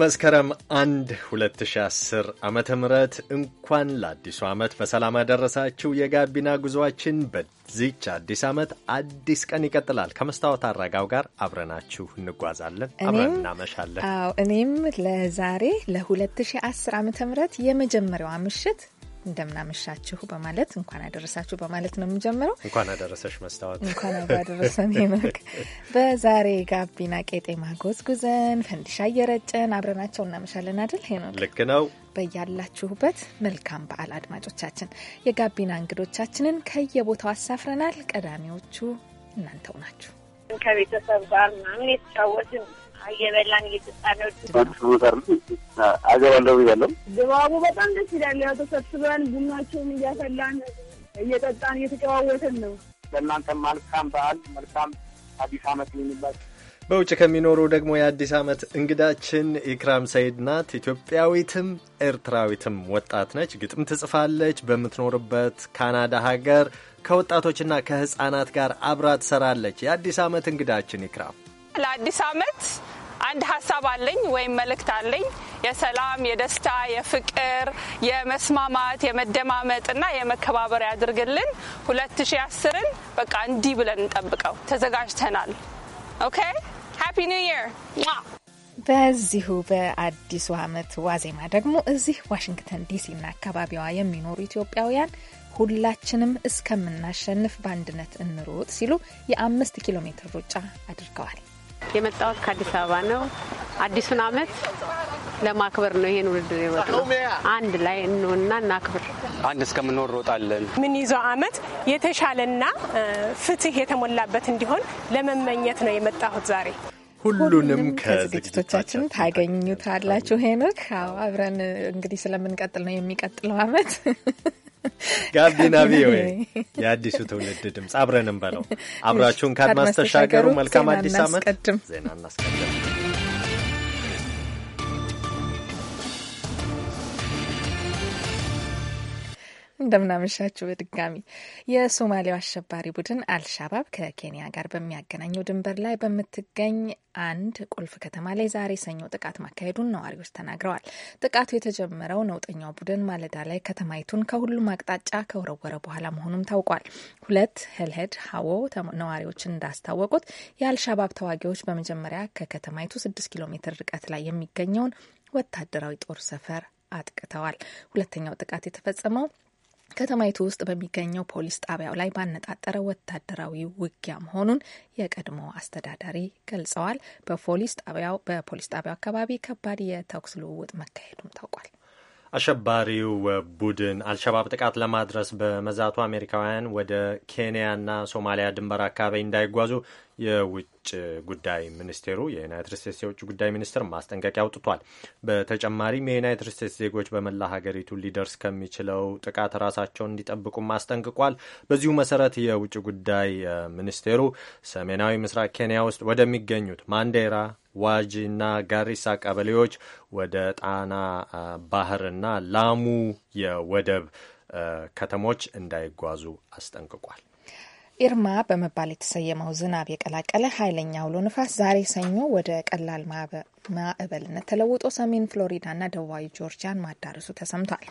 መስከረም 1 2010 ዓመተ ምህረት እንኳን ለአዲሱ ዓመት በሰላም ያደረሳችሁ። የጋቢና ጉዞአችን በዚች አዲስ ዓመት አዲስ ቀን ይቀጥላል። ከመስታወት አረጋው ጋር አብረናችሁ እንጓዛለን፣ አብረን እናመሻለን። አዎ እኔም ለዛሬ ለ2010 ዓመተ ምህረት የመጀመሪያዋ ምሽት እንደምናመሻችሁ በማለት እንኳን አደረሳችሁ በማለት ነው የምጀምረው። እንኳን አደረሰሽ መስታወት። እንኳን አደረሰን ሄኖክ። በዛሬ ጋቢና ቄጤማ ጎዝጉዘን ፈንዲሻ እየረጨን አብረናቸው እናመሻለን አይደል ሄኖክ? ልክ ነው። በያላችሁበት መልካም በዓል አድማጮቻችን። የጋቢና እንግዶቻችንን ከየቦታው አሳፍረናል። ቀዳሚዎቹ እናንተው ናችሁ። ከቤተሰብ ጋር ምናምን የተጫወትን እየበላን እየጠጣን አገባለሁ ብያለሁ። ድባቡ በጣም ደስ ይላል። ያው ተሰብስበን እያፈላን እየጠጣን እየተጨዋወትን ነው። ለእናንተ መልካም በዓል፣ መልካም አዲስ በውጭ ከሚኖሩ ደግሞ የአዲስ ዓመት እንግዳችን ኢክራም ሰይድ ናት። ኢትዮጵያዊትም ኤርትራዊትም ወጣት ነች። ግጥም ትጽፋለች። በምትኖርበት ካናዳ ሀገር ከወጣቶችና ከህፃናት ጋር አብራ ትሰራለች። የአዲስ ዓመት እንግዳችን ኢክራም ለአዲስ ዓመት አንድ ሀሳብ አለኝ ወይም መልእክት አለኝ የሰላም፣ የደስታ፣ የፍቅር፣ የመስማማት፣ የመደማመጥና የመከባበር ያድርግልን። ሁለት ሺ አስርን በቃ እንዲህ ብለን እንጠብቀው። ተዘጋጅተናል። ኦኬ ሃፒ ኒው ይር። በዚሁ በአዲሱ ዓመት ዋዜማ ደግሞ እዚህ ዋሽንግተን ዲሲና አካባቢዋ የሚኖሩ ኢትዮጵያውያን ሁላችንም እስከምናሸንፍ በአንድነት እንሮጥ ሲሉ የአምስት ኪሎ ሜትር ሩጫ አድርገዋል። የመጣሁት ከአዲስ አበባ ነው። አዲሱን ዓመት ለማክበር ነው ይሄን ውድድር የወጣው። አንድ ላይ እንሆንና እናክብር። አንድ እስከምንኖር ሮጣለን። ምን ይዘው ዓመት የተሻለና ፍትህ የተሞላበት እንዲሆን ለመመኘት ነው የመጣሁት ዛሬ። ሁሉንም ከዝግጅቶቻችን ታገኙታላችሁ። ሄኖክ አብረን እንግዲህ ስለምንቀጥል ነው የሚቀጥለው ዓመት ጋቢና ቪኦኤ የአዲሱ ትውልድ ድምፅ አብረን በለው አብራችሁን ከአድማስ ተሻገሩ። መልካም አዲስ ዓመት። ዜና እናስቀድም። እንደምናመሻችሁ በድጋሚ የሶማሌው አሸባሪ ቡድን አልሻባብ ከኬንያ ጋር በሚያገናኘው ድንበር ላይ በምትገኝ አንድ ቁልፍ ከተማ ላይ ዛሬ ሰኞ ጥቃት ማካሄዱን ነዋሪዎች ተናግረዋል። ጥቃቱ የተጀመረው ነውጠኛው ቡድን ማለዳ ላይ ከተማይቱን ከሁሉም አቅጣጫ ከወረወረ በኋላ መሆኑም ታውቋል። ሁለት ሄልሄድ ሀዎ ነዋሪዎች እንዳስታወቁት የአልሻባብ ተዋጊዎች በመጀመሪያ ከከተማይቱ ስድስት ኪሎ ሜትር ርቀት ላይ የሚገኘውን ወታደራዊ ጦር ሰፈር አጥቅተዋል። ሁለተኛው ጥቃት የተፈጸመው ከተማይቱ ውስጥ በሚገኘው ፖሊስ ጣቢያው ላይ ባነጣጠረ ወታደራዊ ውጊያ መሆኑን የቀድሞ አስተዳዳሪ ገልጸዋል። በፖሊስ ጣቢያው በፖሊስ ጣቢያው አካባቢ ከባድ የተኩስ ልውውጥ መካሄዱም ታውቋል። አሸባሪው ቡድን አልሸባብ ጥቃት ለማድረስ በመዛቱ አሜሪካውያን ወደ ኬንያና ሶማሊያ ድንበር አካባቢ እንዳይጓዙ የውጭ ጉዳይ ሚኒስቴሩ የዩናይትድ ስቴትስ የውጭ ጉዳይ ሚኒስትር ማስጠንቀቂያ አውጥቷል። በተጨማሪም የዩናይትድ ስቴትስ ዜጎች በመላ ሀገሪቱ ሊደርስ ከሚችለው ጥቃት ራሳቸውን እንዲጠብቁም አስጠንቅቋል። በዚሁ መሰረት የውጭ ጉዳይ ሚኒስቴሩ ሰሜናዊ ምስራቅ ኬንያ ውስጥ ወደሚገኙት ማንዴራ ዋጂና ጋሪሳ ቀበሌዎች ወደ ጣና ባህርና ላሙ የወደብ ከተሞች እንዳይጓዙ አስጠንቅቋል። ኢርማ በመባል የተሰየመው ዝናብ የቀላቀለ ኃይለኛ አውሎ ንፋስ ዛሬ ሰኞ ወደ ቀላል ማዕበልነት ተለውጦ ሰሜን ፍሎሪዳና ደቡባዊ ጆርጂያን ማዳረሱ ተሰምቷል።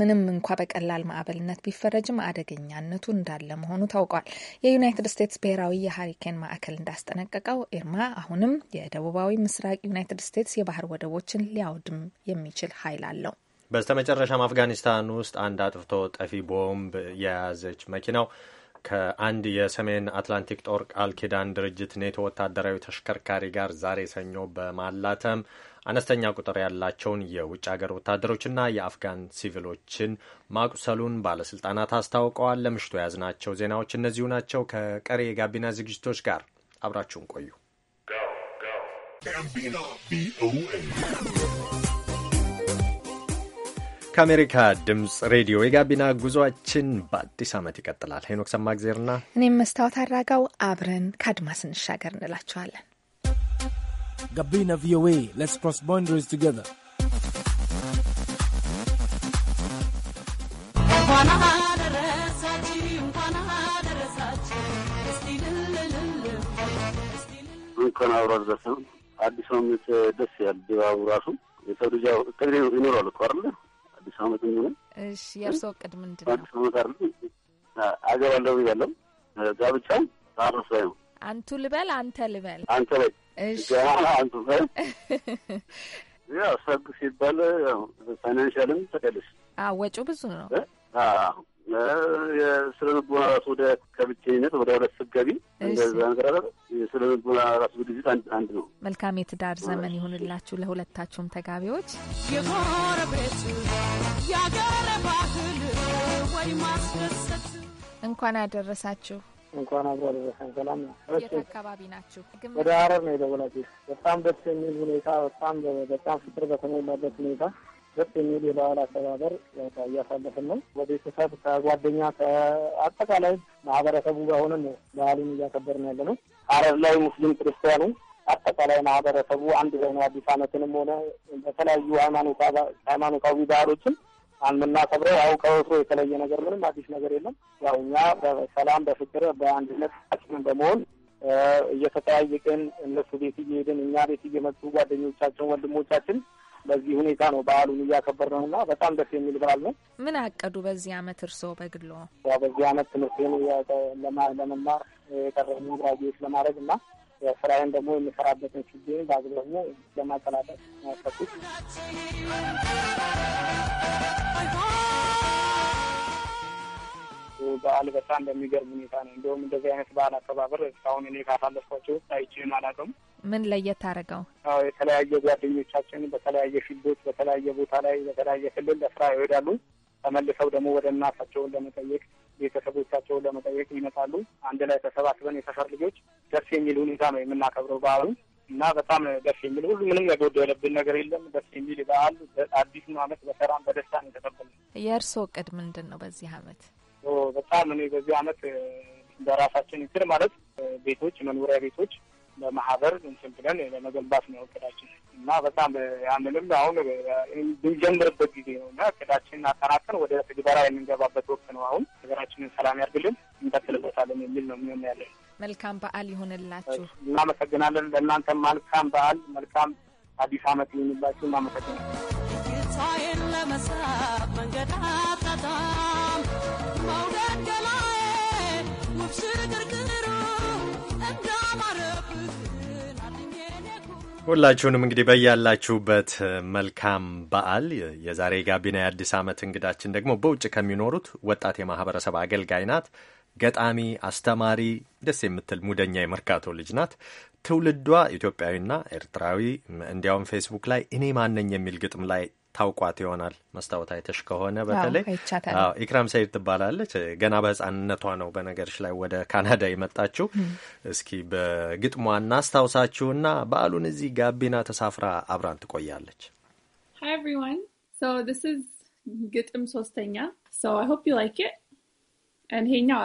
ምንም እንኳ በቀላል ማዕበልነት ቢፈረጅም አደገኛነቱ እንዳለ መሆኑ ታውቋል። የዩናይትድ ስቴትስ ብሔራዊ የሀሪኬን ማዕከል እንዳስጠነቀቀው ኢርማ አሁንም የደቡባዊ ምስራቅ ዩናይትድ ስቴትስ የባህር ወደቦችን ሊያውድም የሚችል ኃይል አለው። በስተመጨረሻም አፍጋኒስታን ውስጥ አንድ አጥፍቶ ጠፊ ቦምብ የያዘች መኪናው ከአንድ የሰሜን አትላንቲክ ጦር ቃል ኪዳን ድርጅት ኔቶ ወታደራዊ ተሽከርካሪ ጋር ዛሬ ሰኞ በማላተም አነስተኛ ቁጥር ያላቸውን የውጭ ሀገር ወታደሮችና የአፍጋን ሲቪሎችን ማቁሰሉን ባለስልጣናት አስታውቀዋል። ለምሽቱ የያዝናቸው ዜናዎች እነዚሁ ናቸው። ከቀሪ የጋቢና ዝግጅቶች ጋር አብራችሁን ቆዩ። ከአሜሪካ ድምፅ ሬዲዮ የጋቢና ጉዟችን በአዲስ ዓመት ይቀጥላል። ሄኖክ ሰማግዜርና እኔም መስታወት አድራጋው አብረን ከአድማስ እንሻገር እንላችኋለን። ጋቢና ቪኦኤ ሌትስ ክሮስ ቦንደሪስ ቱጌዘር እንኳን አብሮ አደረሰን። አዲስ ነው ደስ ያል ድባቡ ራሱ የሰው ልጅ ቅድ ይኖራል እኮ አይደለ አዲስ አመት ሆነ። እሺ የእርስዎ እቅድ ምንድን ነው? አዲስ አመት አለ አገባለሁ ብያለሁ። ጋብቻ ታረስ ላይ ነው። አንቱ ልበል አንተ ልበል አንተ ላይ እሺ አንቱ ላይ ያው ሰርግ ሲባል ያው ፋይናንሻልም ተቀልሽ ወጪው ብዙ ነው። የስነ ልቦና ራሱ ወደ ከብቸኝነት ወደ ሁለት ስገቢ እንደዛ ነገር አለ። የስነ ልቦና ራሱ ዝግጅት አንድ ነው። መልካም የትዳር ዘመን ይሁንላችሁ ለሁለታችሁም ተጋቢዎች። የጎረቤት ያገረ ባህል ወይ ማስደሰት እንኳን አደረሳችሁ። እንኳን አብሮ አደረሰን። ሰላም ነው። የት አካባቢ ናችሁ? ወደ ሀረር ነው የደወላችሁ። በጣም ደስ የሚል ሁኔታ፣ በጣም በጣም ፍቅር በተሞላበት ሁኔታ ደስ የሚል የበዓል አሰባበር እያሳለፍን ነው። ከቤተሰብ ከጓደኛ፣ ከአጠቃላይ ማህበረሰቡ ጋር ሆነን ነው በዓሉን እያከበርን ያለ ነው። ሀረር ላይ ሙስሊም ክርስቲያኑ አጠቃላይ ማህበረሰቡ አንድ ላይ ነው። አዲስ አመትንም ሆነ በተለያዩ ሃይማኖታዊ ባህሎችን አንምናከብረው ያው ከወትሮ የተለየ ነገር ምንም አዲስ ነገር የለም። ያው እኛ በሰላም በፍቅር በአንድነት አጭምን በመሆን እየተጠያየቅን እነሱ ቤት እየሄድን እኛ ቤት እየመጡ ጓደኞቻችን ወንድሞቻችን በዚህ ሁኔታ ነው በዓሉን እያከበር ነው እና በጣም ደስ የሚል በዓል ነው። ምን አቀዱ በዚህ አመት እርስዎ በግሎ? ያው በዚህ አመት ትምህርቴን ለመማር የቀረሙ ግራጅዌት ለማድረግ እና ስራዬን ደግሞ የሚሰራበትን ችግኝ በአግባቡ ለማቀላጠፍ ያሰብኩት በዓል በጣም በሚገርም ሁኔታ ነው። እንዲሁም እንደዚህ አይነት በዓል አከባበር እስካሁን እኔ ካሳለፍኳቸው አይችም አላውቅም። ምን ለየት አደረገው? አዎ የተለያየ ጓደኞቻችን በተለያየ ፊልዶች፣ በተለያየ ቦታ ላይ፣ በተለያየ ክልል ለስራ ይሄዳሉ። ተመልሰው ደግሞ ወደ እናታቸውን ለመጠየቅ ቤተሰቦቻቸውን ለመጠየቅ ይመጣሉ። አንድ ላይ ተሰባስበን የሰፈር ልጆች ደስ የሚል ሁኔታ ነው የምናከብረው በዓሉ እና በጣም ደስ የሚል ሁሉ ምንም የጎደለብን ነገር የለም። ደስ የሚል በዓል አዲሱን ዓመት በሰላም በደስታ ነው የተቀበልነው። የእርስዎ እቅድ ምንድን ነው በዚህ አመት በጣም እኔ በዚህ አመት በራሳችን እንትን ማለት ቤቶች መኖሪያ ቤቶች በማህበር እንትን ብለን ለመገንባት ነው እቅዳችን እና በጣም ያምንም አሁን ብንጀምርበት ጊዜ ነው እና እቅዳችንን አጠናቀን ወደ ትግበራ የምንገባበት ወቅት ነው። አሁን ሀገራችንን ሰላም ያድርግልን እንቀጥልበታለን የሚል ነው የሚሆን ያለን። መልካም በዓል ይሆንላችሁ። እናመሰግናለን። ለእናንተ መልካም በዓል፣ መልካም አዲስ አመት ይሆንላችሁ። እናመሰግናለን። ለመሳብ ሁላችሁንም እንግዲህ በያላችሁበት መልካም በዓል። የዛሬ ጋቢና የአዲስ ዓመት እንግዳችን ደግሞ በውጭ ከሚኖሩት ወጣት የማህበረሰብ አገልጋይ ናት። ገጣሚ፣ አስተማሪ፣ ደስ የምትል ሙደኛ የመርካቶ ልጅ ናት። ትውልዷ ኢትዮጵያዊና ኤርትራዊ። እንዲያውም ፌስቡክ ላይ እኔ ማነኝ የሚል ግጥም ላይ ታውቋት ይሆናል መስታወት አይተሽ ከሆነ በተለይ ኢክራም ሰይድ ትባላለች። ገና በህፃንነቷ ነው በነገርሽ ላይ ወደ ካናዳ የመጣችው። እስኪ በግጥሟ እናስታውሳችሁና በዓሉን እዚህ ጋቢና ተሳፍራ አብራን ትቆያለች። ግጥም ሶስተኛ So I hope you like it. And ይሄኛው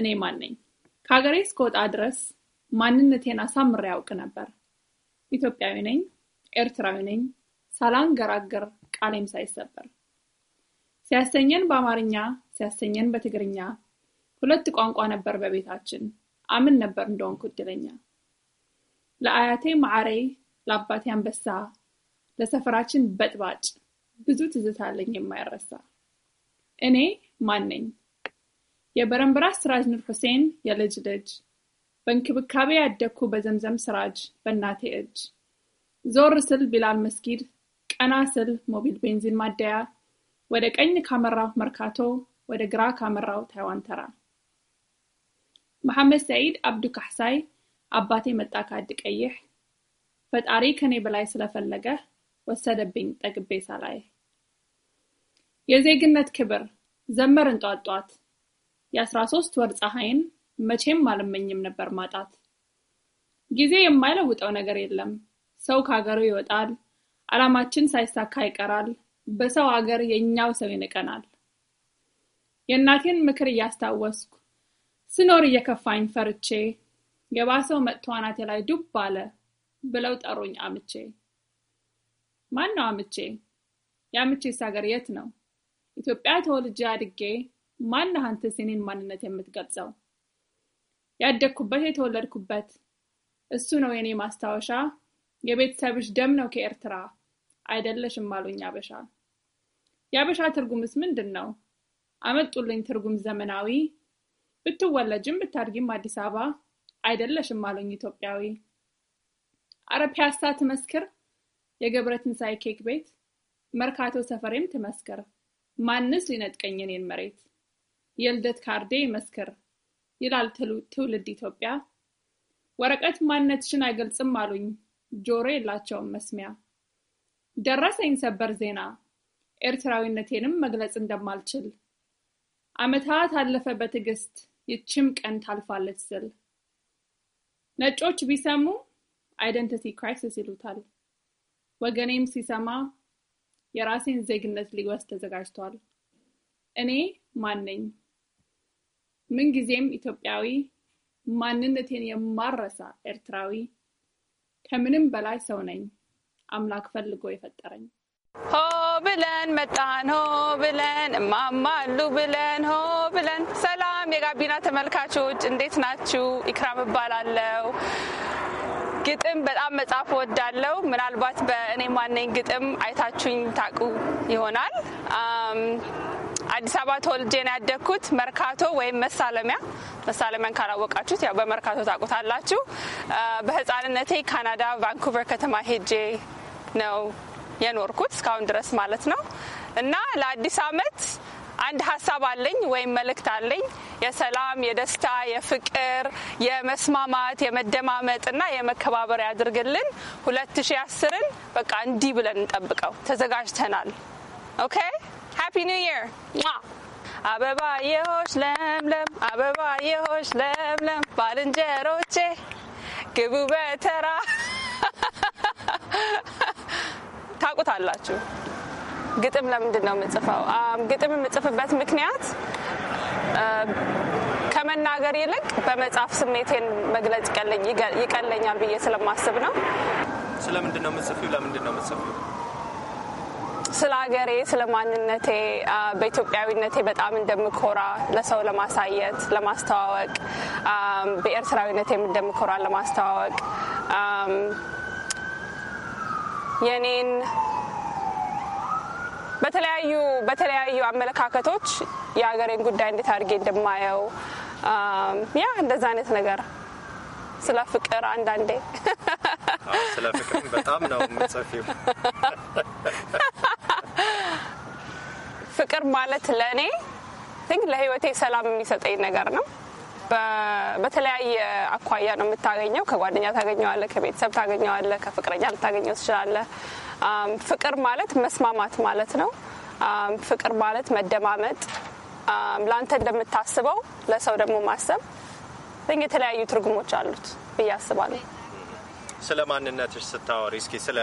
እኔ ማን ነኝ። ከሀገሬ እስክወጣ ድረስ ማንነቴን አሳምሬ ያውቅ ነበር። ኢትዮጵያዊ ነኝ ኤርትራዊ ነኝ፣ ገራገር ቃሌም ሳይሰበር ሲያሰኘን በአማርኛ ሲያሰኘን በትግርኛ ሁለት ቋንቋ ነበር በቤታችን። አምን ነበር እንደሆንኩ እድለኛ። ለአያቴ ማዕሬ፣ ለአባቴ አንበሳ፣ ለሰፈራችን በጥባጭ ብዙ ትዝታለኝ የማይረሳ። እኔ ማን ነኝ? ስራጅ ኑር ሁሴን የልጅ ልጅ፣ በእንክብካቤ ያደግኩ በዘምዘም ስራጅ በእናቴ እጅ ዞር ስል ቢላል መስጊድ፣ ቀና ስል ሞቢል ቤንዚን ማደያ፣ ወደ ቀኝ ካመራው መርካቶ፣ ወደ ግራ ካመራው ታይዋን ተራ። መሐመድ ሰዒድ አብዱ ካሕሳይ አባቴ መጣ ከአዲ ቀይሕ ፈጣሪ ከኔ በላይ ስለፈለገ ወሰደብኝ ጠግቤ ሳላይ። የዜግነት ክብር ዘመር እንጧጧት የአስራ ሶስት ወር ፀሐይን መቼም አልመኝም ነበር ማጣት። ጊዜ የማይለውጠው ነገር የለም ሰው ከሀገሩ ይወጣል። አላማችን ሳይሳካ ይቀራል። በሰው አገር የእኛው ሰው ይንቀናል። የእናቴን ምክር እያስታወስኩ ስኖር እየከፋኝ ፈርቼ የባሰው መጥቶ አናቴ ላይ ዱብ አለ ብለው ጠሩኝ አምቼ። ማን ነው አምቼ? የአምቼስ ሀገር የት ነው? ኢትዮጵያ ተወልጄ አድጌ ማነህ አንተስ የኔን ማንነት የምትገልጸው? ያደግኩበት የተወለድኩበት እሱ ነው የኔ ማስታወሻ የቤተሰብሽ ደም ነው ከኤርትራ አይደለሽም አሉኝ አበሻ። የአበሻ ትርጉምስ ምንድን ነው? አመጡልኝ ትርጉም ዘመናዊ። ብትወለጅም ብታድጊም አዲስ አበባ አይደለሽም አሉኝ ኢትዮጵያዊ። አረ ፒያሳ ትመስክር የገብረ ትንሣኤ ኬክ ቤት መርካቶ ሰፈሬም ትመስክር ማንስ ሊነጥቀኝ እኔን መሬት የልደት ካርዴ ይመስክር ይላል ትውልድ ኢትዮጵያ። ወረቀት ማንነትሽን አይገልጽም አሉኝ ጆሮ የላቸውም መስሚያ። ደረሰኝ ሰበር ዜና፣ ኤርትራዊነቴንም መግለጽ እንደማልችል ዓመታት አለፈ በትዕግስት ይችም ቀን ታልፋለች ስል ነጮች ቢሰሙ አይደንቲቲ ክራይሲስ ይሉታል። ወገኔም ሲሰማ የራሴን ዜግነት ሊወስድ ተዘጋጅቷል። እኔ ማን ነኝ? ምንጊዜም ኢትዮጵያዊ፣ ማንነቴን የማረሳ ኤርትራዊ ከምንም በላይ ሰው ነኝ። አምላክ ፈልጎ የፈጠረኝ ሆ ብለን መጣን ሆ ብለን እማማሉ ብለን ሆ ብለን። ሰላም የጋቢና ተመልካቾች እንዴት ናችሁ? ኢክራም እባላለሁ። ግጥም በጣም መጻፍ ወዳለው። ምናልባት በእኔ ማነኝ ግጥም አይታችሁኝ ታውቁ ይሆናል። አዲስ አበባ ተወልጄ ነው ያደግኩት። መርካቶ ወይም መሳለሚያ መሳለሚያን ካላወቃችሁት ያው በመርካቶ ታውቁታላችሁ። በህፃንነቴ ካናዳ ቫንኩቨር ከተማ ሄጄ ነው የኖርኩት እስካሁን ድረስ ማለት ነው እና ለአዲስ አመት አንድ ሀሳብ አለኝ ወይም መልእክት አለኝ። የሰላም፣ የደስታ፣ የፍቅር፣ የመስማማት፣ የመደማመጥ እና የመከባበር ያድርግልን። ሁለት ሺ አስርን በቃ እንዲህ ብለን እንጠብቀው። ተዘጋጅተናል። ኦኬ ሃፒ ኒው ይር። አበባ የሆሽ ለምለም፣ አበባ የሆሽ ለምለም፣ ባልንጀሮቼ ግቡ በተራ ታውቁታላችሁ። ግጥም ለምንድን ነው የምጽፈው? ግጥም የምጽፍበት ምክንያት ከመናገር ይልቅ በመጽሐፍ ስሜቴን መግለጽ ይቀለኛል ብዬ ስለማስብ ነው። ስለምንድን ነው የምጽፊው? ለምንድን ነው የምጽፊው? ስለ ሀገሬ፣ ስለ ማንነቴ፣ በኢትዮጵያዊነቴ በጣም እንደምኮራ ለሰው ለማሳየት ለማስተዋወቅ፣ በኤርትራዊነቴም እንደምኮራ ለማስተዋወቅ የኔን በተለያዩ በተለያዩ አመለካከቶች የሀገሬን ጉዳይ እንዴት አድርጌ እንደማየው ያ እንደዛ አይነት ነገር ስለ ፍቅር አንዳንዴ ስለ ፍቅር በጣም ነው የምጽፊው። ፍቅር ማለት ለእኔ ለህይወቴ ሰላም የሚሰጠኝ ነገር ነው። በተለያየ አኳያ ነው የምታገኘው። ከጓደኛ ታገኘዋለ፣ ከቤተሰብ ታገኘዋለ ከፍቅረኛ ልታገኘው ትችላለ። ፍቅር ማለት መስማማት ማለት ነው። ፍቅር ማለት መደማመጥ፣ ለአንተ እንደምታስበው ለሰው ደግሞ ማሰብ። የተለያዩ ትርጉሞች አሉት ብዬ አስባለሁ። ስለ ማንነትሽ ስታወሪ እስኪ ስለ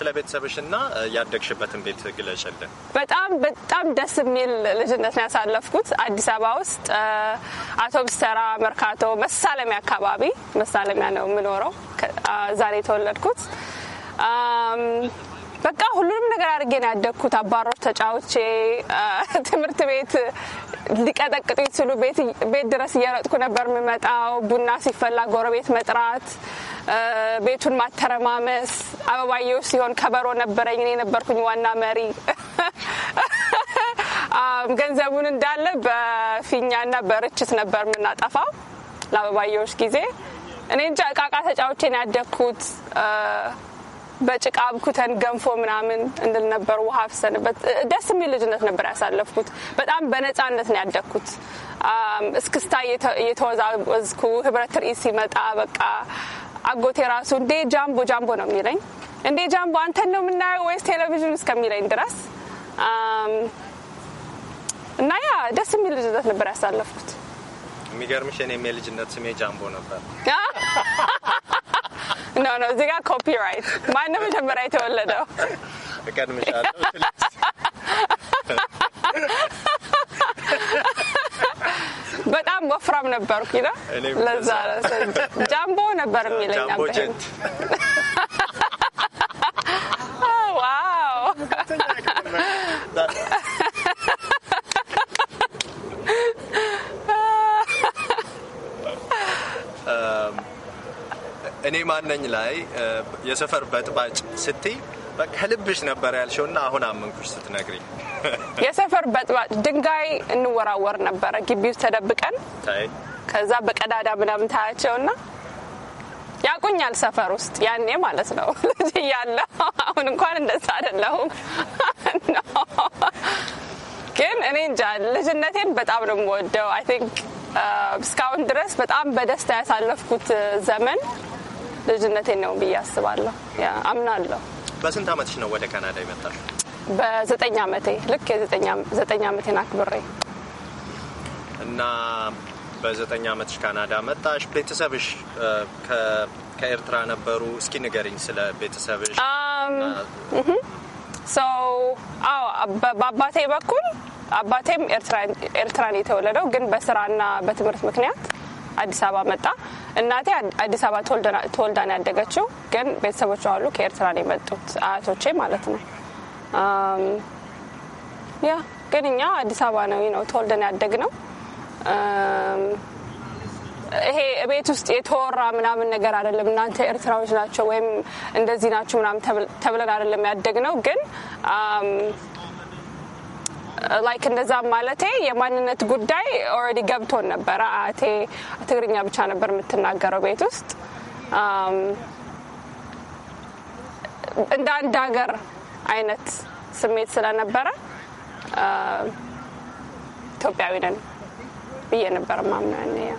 ስለ ቤተሰብሽና ያደግሽበትን ቤት ግለጭልን። በጣም በጣም ደስ የሚል ልጅነት ነው ያሳለፍኩት አዲስ አበባ ውስጥ አውቶብስ ተራ፣ መርካቶ፣ መሳለሚያ አካባቢ መሳለሚያ ነው የምኖረው። ዛሬ የተወለድኩት በቃ ሁሉንም ነገር አድርጌ ነው ያደግኩት። አባሮች ተጫውቼ ትምህርት ቤት ሊቀጠቅጡኝ ሲሉ ቤት ድረስ እየረጥኩ ነበር የምመጣው። ቡና ሲፈላ ጎረቤት መጥራት፣ ቤቱን ማተረማመስ። አበባየው ሲሆን ከበሮ ነበረኝ፣ እኔ ነበርኩኝ ዋና መሪ። ገንዘቡን እንዳለ በፊኛና በርችት ነበር የምናጠፋው ለአበባየሁሽ ጊዜ። እኔ እንጃ እቃቃ ተጫዎቼን ያደግኩት በጭቃ አብኩተን ገንፎ ምናምን እንድል ነበር። ውሃ ፍሰንበት ደስ የሚል ልጅነት ነበር ያሳለፍኩት። በጣም በነፃነት ነው ያደግኩት። እስክስታ እየተወዛወዝኩ ህብረት ትርኢት ሲመጣ በቃ አጎቴ ራሱ እንዴ ጃምቦ ጃምቦ ነው የሚለኝ። እንዴ ጃምቦ አንተን ነው የምናየው ወይስ ቴሌቪዥን እስከሚለኝ ድረስ እና ያ ደስ የሚል ልጅነት ነበር ያሳለፍኩት። የሚገርምሽ እኔም የልጅነት ስሜ ጃምቦ ነበር። ኖ ኖ፣ እዚህ ጋር ኮፒራይት። ማነው መጀመሪያ የተወለደው? እቀድምሻለሁ። በጣም ወፍራም ነበርኩ። ለዛ ጃምቦ ነበር የሚለኝ ዋነኝ ላይ የሰፈር በጥባጭ ስትይ ከልብሽ ነበር እና አሁን አመንኩሽ ስትነግሪኝ። የሰፈር በጥባጭ ድንጋይ እንወራወር ነበረ ግቢ ተደብቀን፣ ከዛ በቀዳዳ ምናምን ታያቸውና ያቁኛል ሰፈር ውስጥ ያኔ ማለት ነው ልጅ እያለ። አሁን እንኳን እንደዛ አይደለሁም። ግን እኔ እንጃ ልጅነቴን በጣም ነው የምወደው። አይ ቲንክ እስካሁን ድረስ በጣም በደስታ ያሳለፍኩት ዘመን ልጅነቴን ነው ብዬ አስባለሁ፣ አምናለሁ። በስንት ዓመትሽ ነው ወደ ካናዳ ይመጣል? በዘጠኝ ዓመቴ ልክ የዘጠኝ ዓመቴን አክብሬ እና በዘጠኝ አመትሽ ካናዳ መጣሽ። ቤተሰብሽ ከኤርትራ ነበሩ? እስኪ ንገሪኝ ስለ ቤተሰብሽ። በአባቴ በኩል አባቴም ኤርትራን የተወለደው ግን በስራና በትምህርት ምክንያት አዲስ አበባ መጣ። እናቴ አዲስ አበባ ተወልዳ ነው ያደገችው፣ ግን ቤተሰቦቿ ሁሉ ከኤርትራ ነው የመጡት አያቶቼ ማለት ነው። ያ ግን እኛ አዲስ አበባ ነው ነው ተወልደን ነው። ይሄ ቤት ውስጥ የተወራ ምናምን ነገር አይደለም። እናንተ ኤርትራዎች ናቸው ወይም እንደዚህ ናቸው ምናምን ተብለን አይደለም ነው ግን ላይክ እንደዛ ማለቴ የማንነት ጉዳይ ኦልሬዲ ገብቶን ነበረ። አያቴ ትግርኛ ብቻ ነበር የምትናገረው ቤት ውስጥ እንደ አንድ ሀገር አይነት ስሜት ስለነበረ ኢትዮጵያዊ ነን ብዬ ነበር ማምናን ያ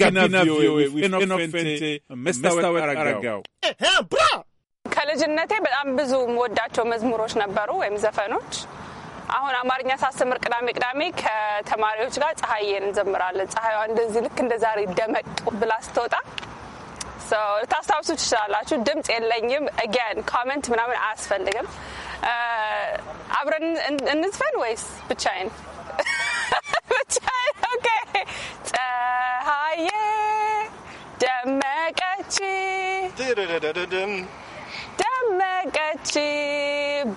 ጋቢና ቪኦኤ መስታወት አረጋው ከልጅነቴ በጣም ብዙ ወዳቸው መዝሙሮች ነበሩ ወይም ዘፈኖች። አሁን አማርኛ ሳስተምር ቅዳሜ ቅዳሜ ከተማሪዎች ጋር ፀሐዬን እንዘምራለን። ፀሐይዋ እንደዚህ ልክ እንደ ዛሬ ደመቅ ብላ ስትወጣ ልታስታውሱ ትችላላችሁ። ድምፅ የለኝም። እጊያን ኮመንት ምናምን አያስፈልግም። አብረን እንዝፈን ወይስ ብቻዬን? ብቻዬን። ኦኬ። ፀሐዬ ደመቀች ደመቀች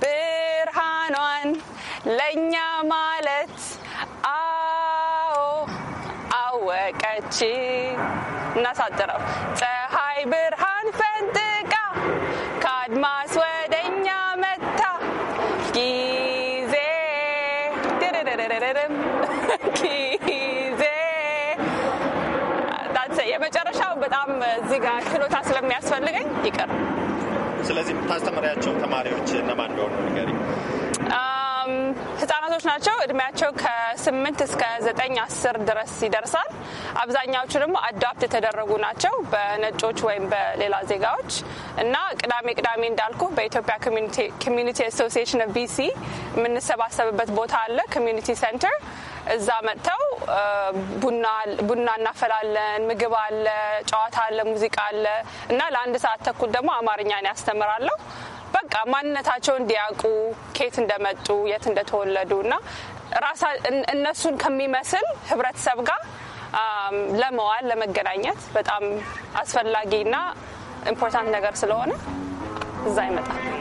ብርሃኗን ለእኛ ማለት አዎ አወቀች። እናሳጥረው። ፀሐይ ብርሃን ፈንጥቃ ከአድማስ ወደኛ መታ ጊዜ ጊዜ የመጨረሻው በጣም እዚህ ጋር ችሎታ ስለሚያስፈልገኝ ይቅር። ስለዚህ የምታስተምሪያቸው ተማሪዎች እነማን እንደሆኑ ንገሪኝ። ህጻናቶች ናቸው። እድሜያቸው ከስምንት እስከ ዘጠኝ አስር ድረስ ይደርሳል። አብዛኛዎቹ ደግሞ አዳፕት የተደረጉ ናቸው በነጮች ወይም በሌላ ዜጋዎች እና ቅዳሜ ቅዳሜ እንዳልኩ በኢትዮጵያ ኮሚኒቲ አሶሲዬሽን ቢሲ የምንሰባሰብበት ቦታ አለ፣ ኮሚኒቲ ሴንተር እዛ መጥተው ቡና እናፈላለን፣ ምግብ አለ፣ ጨዋታ አለ፣ ሙዚቃ አለ እና ለአንድ ሰዓት ተኩል ደግሞ አማርኛን ያስተምራለሁ። በቃ ማንነታቸውን እንዲያውቁ ከየት እንደመጡ የት እንደተወለዱ እና ራሳ እነሱን ከሚመስል ህብረተሰብ ጋር ለመዋል ለመገናኘት በጣም አስፈላጊና ኢምፖርታንት ነገር ስለሆነ እዛ ይመጣል።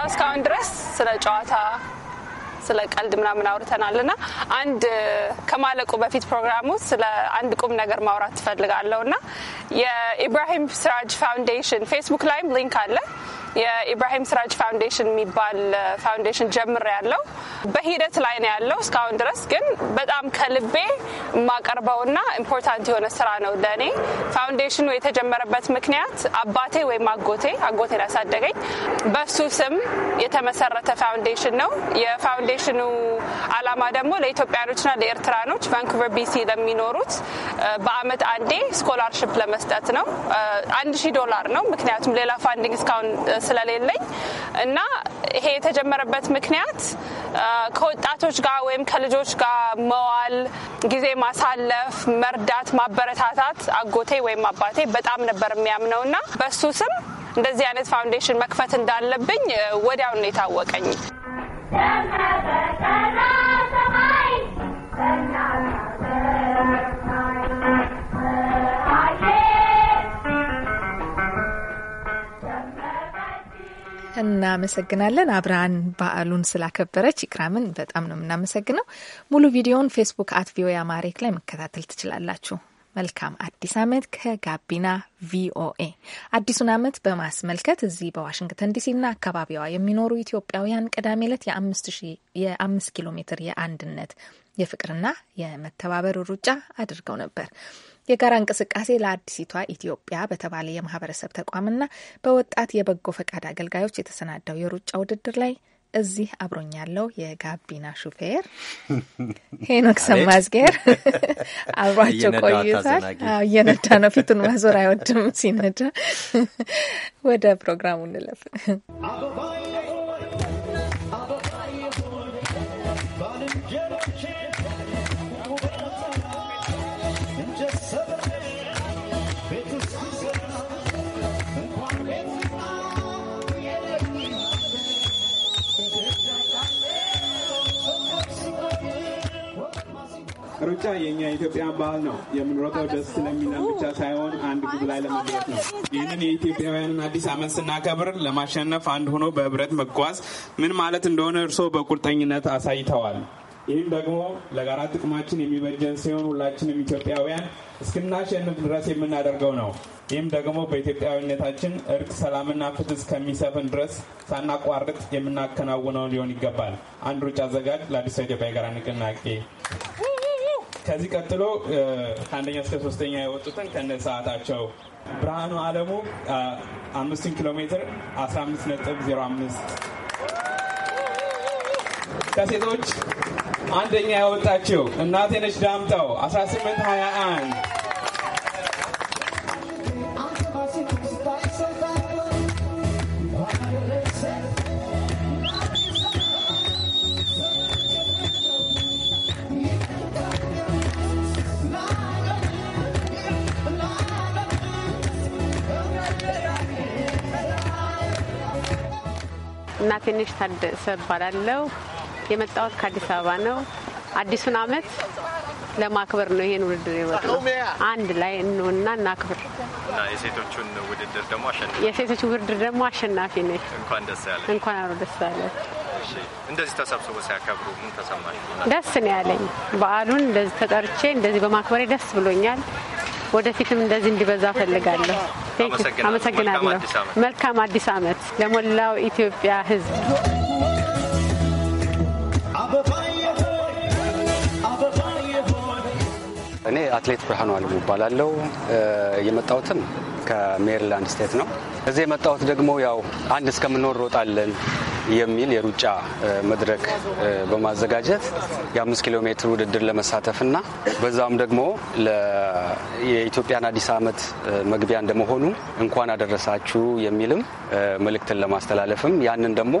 ያው እስካሁን ድረስ ስለ ጨዋታ ስለ ቀልድ ምናምን አውርተናል ና አንድ ከማለቁ በፊት ፕሮግራሙ ስለ አንድ ቁም ነገር ማውራት ትፈልጋለሁ እና የኢብራሂም ስራጅ ፋውንዴሽን ፌስቡክ ላይም ሊንክ አለ የኢብራሂም ስራጅ ፋውንዴሽን የሚባል ፋውንዴሽን ጀምሬ ያለው በሂደት ላይ ነው ያለው። እስካሁን ድረስ ግን በጣም ከልቤ የማቀርበውና ኢምፖርታንት የሆነ ስራ ነው ለእኔ። ፋውንዴሽኑ የተጀመረበት ምክንያት አባቴ ወይም አጎቴ አጎቴን ያሳደገኝ በሱ ስም የተመሰረተ ፋውንዴሽን ነው። የፋውንዴሽኑ አላማ ደግሞ ለኢትዮጵያኖችና ለኤርትራኖች ቫንኩቨር ቢሲ ለሚኖሩት በአመት አንዴ ስኮላርሽፕ ለመስጠት ነው። አንድ ሺህ ዶላር ነው። ምክንያቱም ሌላ ፋንዲንግ እስካሁን ስለሌለኝ እና ይሄ የተጀመረበት ምክንያት ከወጣቶች ጋር ወይም ከልጆች ጋር መዋል፣ ጊዜ ማሳለፍ፣ መርዳት፣ ማበረታታት አጎቴ ወይም አባቴ በጣም ነበር የሚያምነው እና በሱ ስም እንደዚህ አይነት ፋውንዴሽን መክፈት እንዳለብኝ ወዲያውን የታወቀኝ። እናመሰግናለን። አብርሃን በዓሉን ስላከበረች ኢክራምን በጣም ነው የምናመሰግነው። ሙሉ ቪዲዮውን ፌስቡክ አት ቪኦኤ አማሪክ ላይ መከታተል ትችላላችሁ። መልካም አዲስ ዓመት ከጋቢና ቪኦኤ። አዲሱን ዓመት በማስመልከት እዚህ በዋሽንግተን ዲሲና አካባቢዋ የሚኖሩ ኢትዮጵያውያን ቅዳሜ ዕለት የአምስት ኪሎ ሜትር የአንድነት የፍቅርና የመተባበር ሩጫ አድርገው ነበር። የጋራ እንቅስቃሴ ለአዲሲቷ ኢትዮጵያ በተባለ የማህበረሰብ ተቋምና በወጣት የበጎ ፈቃድ አገልጋዮች የተሰናዳው የሩጫ ውድድር ላይ እዚህ አብሮኝ ያለው የጋቢና ሹፌር ሄኖክ ሰማዝጌር አብሯቸው ቆይቷል። እየነዳ ነው፣ ፊቱን ማዞር አይወድም ሲነዳ። ወደ ፕሮግራሙ እንለፍ። ሩጫ የኛ የኢትዮጵያ ባህል ነው። የምንሮጠው ደስ ስለሚለን ብቻ ሳይሆን አንድ ግብ ላይ ለመድረስ ነው። ይህንን የኢትዮጵያውያንን አዲስ ዓመት ስናከብር ለማሸነፍ አንድ ሆኖ በህብረት መጓዝ ምን ማለት እንደሆነ እርስዎ በቁርጠኝነት አሳይተዋል። ይህም ደግሞ ለጋራ ጥቅማችን የሚበጀን ሲሆን ሁላችንም ኢትዮጵያውያን እስክናሸንፍ ድረስ የምናደርገው ነው። ይህም ደግሞ በኢትዮጵያዊነታችን እርቅ፣ ሰላምና ፍትህ እስከሚሰፍን ድረስ ሳናቋርጥ የምናከናውነው ሊሆን ይገባል። አንድ ሩጫ አዘጋጅ ለአዲስ ኢትዮጵያ የጋራ ንቅናቄ ከዚህ ቀጥሎ ከአንደኛ እስከ ሶስተኛ የወጡትን ከነ ሰዓታቸው ብርሃኑ አለሙ አምስቱን ኪሎ ሜትር 15 ነጥብ 05 ከሴቶች አንደኛ ያወጣችው እናቴነች ዳምጠው 1821 ትንሽ ታደሰ እባላለሁ። የመጣሁት ከአዲስ አበባ ነው። አዲሱን አመት ለማክበር ነው ይሄን ውድድር የመጣው። አንድ ላይ እንሆንና እናክብር። የሴቶቹን ውድድር ደግሞ አሸናፊ የሴቶቹ ውድድር ደግሞ አሸናፊ ነኝ። እንኳን ደስ ያለ እንኳን አብሮ ደስ ያለ። እንደዚህ ተሰብስቦ ሲያከብሩ ምን ተሰማሽ? ደስ ነው ያለኝ። በዓሉን እንደዚህ ተጠርቼ እንደዚህ በማክበሬ ደስ ብሎኛል። ወደፊትም እንደዚህ እንዲበዛ ፈልጋለሁ። አመሰግናለሁ። መልካም አዲስ አመት ለሞላው ኢትዮጵያ ህዝብ እኔ አትሌት ብርሃኑ አልሙ እባላለሁ። የመጣሁትም ከሜሪላንድ ስቴት ነው። እዚህ የመጣሁት ደግሞ ያው አንድ እስከምኖር ሮጣለን የሚል የሩጫ መድረክ በማዘጋጀት የአምስት ኪሎ ሜትር ውድድር ለመሳተፍና በዛም ደግሞ የኢትዮጵያን አዲስ ዓመት መግቢያ እንደመሆኑ እንኳን አደረሳችሁ የሚልም መልእክትን ለማስተላለፍም ያንን ደግሞ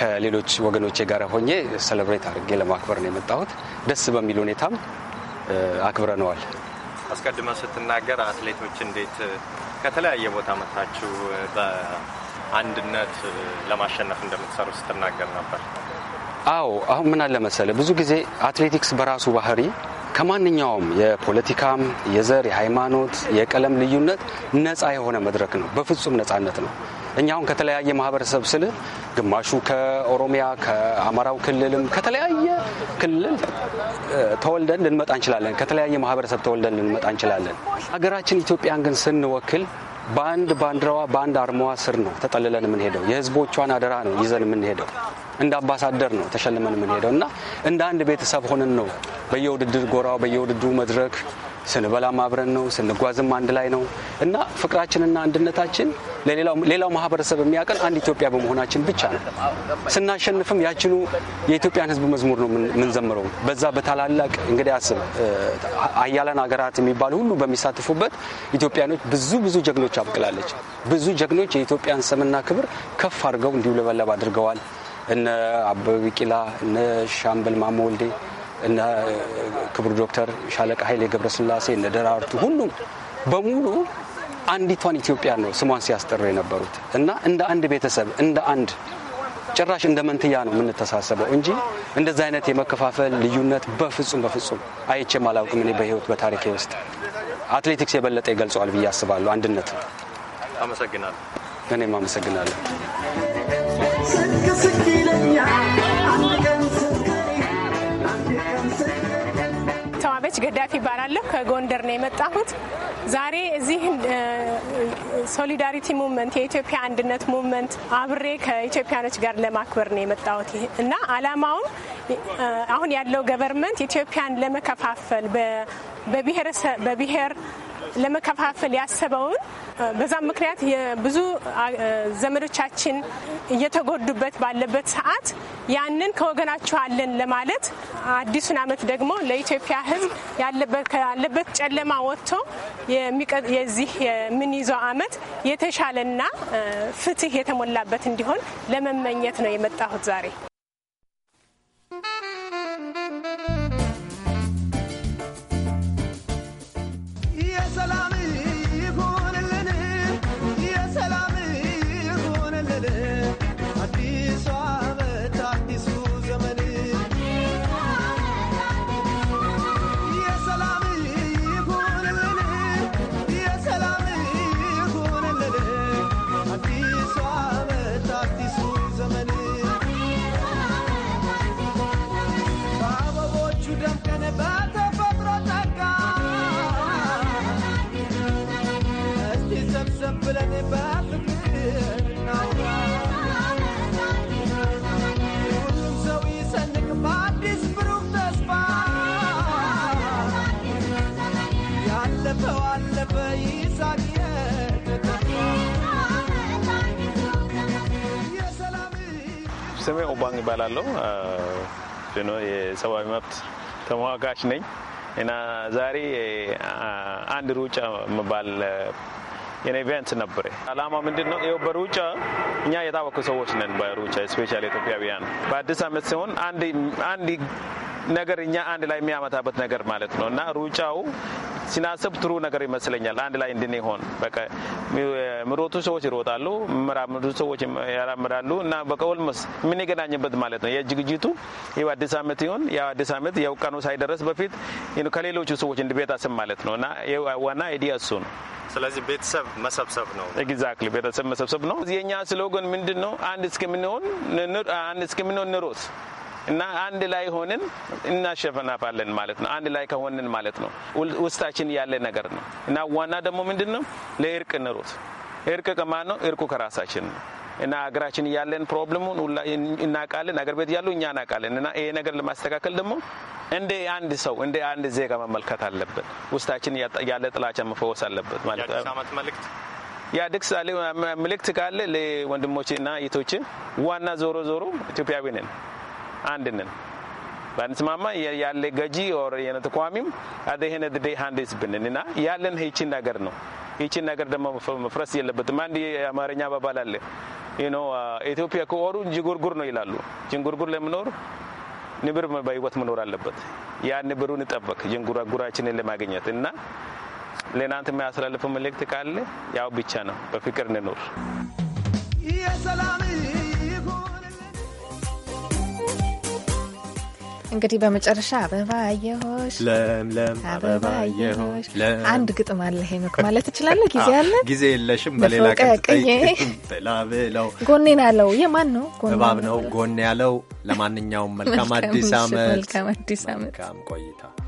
ከሌሎች ወገኖቼ ጋር ሆኜ ሰለብሬት አድርጌ ለማክበር ነው የመጣሁት። ደስ በሚል ሁኔታም አክብረነዋል። አስቀድመ ስትናገር አትሌቶች እንዴት ከተለያየ ቦታ መታችሁ በአንድነት ለማሸነፍ እንደምትሰሩ ስትናገር ነበር። አዎ አሁን ምን አለ መሰለ፣ ብዙ ጊዜ አትሌቲክስ በራሱ ባህሪ ከማንኛውም የፖለቲካም፣ የዘር፣ የሃይማኖት፣ የቀለም ልዩነት ነፃ የሆነ መድረክ ነው። በፍጹም ነፃነት ነው። እኛ አሁን ከተለያየ ማህበረሰብ ስል ግማሹ ከኦሮሚያ ከአማራው ክልልም ከተለያየ ክልል ተወልደን ልንመጣ እንችላለን። ከተለያየ ማህበረሰብ ተወልደን ልንመጣ እንችላለን። ሀገራችን ኢትዮጵያን ግን ስንወክል በአንድ ባንዲራዋ በአንድ አርማዋ ስር ነው ተጠልለን የምንሄደው። የህዝቦቿን አደራ ነው ይዘን የምንሄደው። እንደ አምባሳደር ነው ተሸልመን የምንሄደው እና እንደ አንድ ቤተሰብ ሆነን ነው በየውድድር ጎራው በየውድድሩ መድረክ ስንበላም አብረን ነው፣ ስንጓዝም አንድ ላይ ነው እና ፍቅራችንና አንድነታችን ለሌላው ማህበረሰብ የሚያቀን አንድ ኢትዮጵያ በመሆናችን ብቻ ነው። ስናሸንፍም ያችኑ የኢትዮጵያን ሕዝብ መዝሙር ነው የምንዘምረው። በዛ በታላላቅ እንግዲህ አስብ አያለን ሀገራት የሚባሉ ሁሉ በሚሳተፉበት ኢትዮጵያኖች ብዙ ብዙ ጀግኖች አብቅላለች። ብዙ ጀግኖች የኢትዮጵያን ስምና ክብር ከፍ አድርገው እንዲውለበለብ አድርገዋል። እነ አበበ ቢቂላ፣ እነ ሻምበል ማሞ ወልዴ እነ ክቡር ዶክተር ሻለቃ ኃይሌ ገብረስላሴ እነ ደራርቱ ሁሉም በሙሉ አንዲቷን ኢትዮጵያ ነው ስሟን ሲያስጠሩ የነበሩት እና እንደ አንድ ቤተሰብ እንደ አንድ ጭራሽ እንደ መንትያ ነው የምንተሳሰበው እንጂ እንደዚህ አይነት የመከፋፈል ልዩነት በፍጹም በፍጹም አይቼም አላውቅም። እኔ በህይወት በታሪኬ ውስጥ አትሌቲክስ የበለጠ ይገልጸዋል ብዬ አስባለሁ። አንድነት አመሰግናለሁ። እኔም አመሰግናለሁ። አበበች ገዳፊ ይባላለሁ። ከጎንደር ነው የመጣሁት። ዛሬ እዚህ ሶሊዳሪቲ ሙቭመንት የኢትዮጵያ አንድነት ሙቭመንት አብሬ ከኢትዮጵያኖች ጋር ለማክበር ነው የመጣሁት እና አላማውም አሁን ያለው ገቨርንመንት ኢትዮጵያን ለመከፋፈል በብሔር ለመከፋፈል ያሰበውን በዛም ምክንያት ብዙ ዘመዶቻችን እየተጎዱበት ባለበት ሰዓት ያንን ከወገናችሁ አለን ለማለት አዲሱን ዓመት ደግሞ ለኢትዮጵያ ሕዝብ ያለበት ጨለማ ወጥቶ የዚህ የምንይዘው ዓመት የተሻለና ፍትህ የተሞላበት እንዲሆን ለመመኘት ነው የመጣሁት ዛሬ። እባላለሁ። የሰብአዊ መብት ተሟጋች ነኝ እና ዛሬ አንድ ሩጫ የሚባል የኔ ኢቨንት ነበረ። አላማ ምንድን ነው? ይኸው በሩጫ እኛ የታወቁ ሰዎች ነን። በሩጫ ስፔሻል ኢትዮጵያውያን በአዲስ ዓመት ሲሆን አንድ ነገር እኛ አንድ ላይ የሚያመታበት ነገር ማለት ነው እና ሩጫው ሲናስብ ጥሩ ነገር ይመስለኛል። አንድ ላይ እንድንሆን በቃ የሚሮጡ ሰዎች ይሮጣሉ፣ ምራምዱ ሰዎች ያራምዳሉ እና በቃ የምንገናኝበት ማለት ነው። የዝግጅቱ ይኸው አዲስ አመት ይሆን ያው አዲስ አመት ያው ቀኑ ሳይደረስ በፊት ከሌሎቹ ሰዎች እንድቤታስብ ማለት ነው እና ዋና ኢዲያ እሱ ነው። ስለዚህ ቤተሰብ መሰብሰብ ነው። ኤግዛክትሊ ቤተሰብ መሰብሰብ ነው። የእኛ ስሎገን ምንድን ነው? አንድ እስከምንሆን አንድ እስከምንሆን ንሮት እና አንድ ላይ ሆንን እናሸፈናፋለን ማለት ነው። አንድ ላይ ከሆንን ማለት ነው ውስጣችን ያለ ነገር ነው እና ዋና ደግሞ ምንድን ነው ለእርቅ ንሩት። እርቅ ከማን ነው? እርቁ ከራሳችን ነው። እና ሀገራችን ያለን ፕሮብለሙን እናቃለን። አገር ቤት ያሉ እኛ እናቃለን። እና ይሄ ነገር ለማስተካከል ደግሞ እንደ አንድ ሰው እንደ አንድ ዜጋ መመልከት አለብን። ውስጣችን ያለ ጥላቻ መፈወስ አለበት ማለት የአዲስ አበባ ምልክት ካለ ለወንድሞቼ እና እህቶቼ ዋና ዞሮ ዞሮ ኢትዮጵያዊ ነን። አንድ ነን። ባንስማማ ያለ ገጂ ኦር ተቋሚም አደህነ ድዴ ሀንዴስ ብንን እና ያለን ይቺን ነገር ነው። ይቺን ነገር ደግሞ መፍረስ የለበትም። አንድ የአማርኛ አባባል አለ uh, ኢትዮጵያ ከኦሩ ጅንጉርጉር ነው ይላሉ። ጅንጉርጉር ለምኖር ንብር በህይወት መኖር አለበት። ያ ንብሩን ጠበቅ ጅንጉራጉራችንን ለማግኘት እና ለእናንተ የሚያስተላልፈው መልእክት ካለ ያው ብቻ ነው፣ በፍቅር እንኖር። እንግዲህ በመጨረሻ አበባ አየሆሽ ለምለም አበባ አየሆሽ አንድ ግጥም አለ። ሄኖክ ማለት ትችላለህ? ጊዜ አለ፣ ጊዜ የለሽም። በሌላ ቀጥላ ብለው ጎኔን አለው የማን ነው? እባብ ነው ጎን ያለው። ለማንኛውም መልካም አዲስ አመት፣ መልካም ቆይታ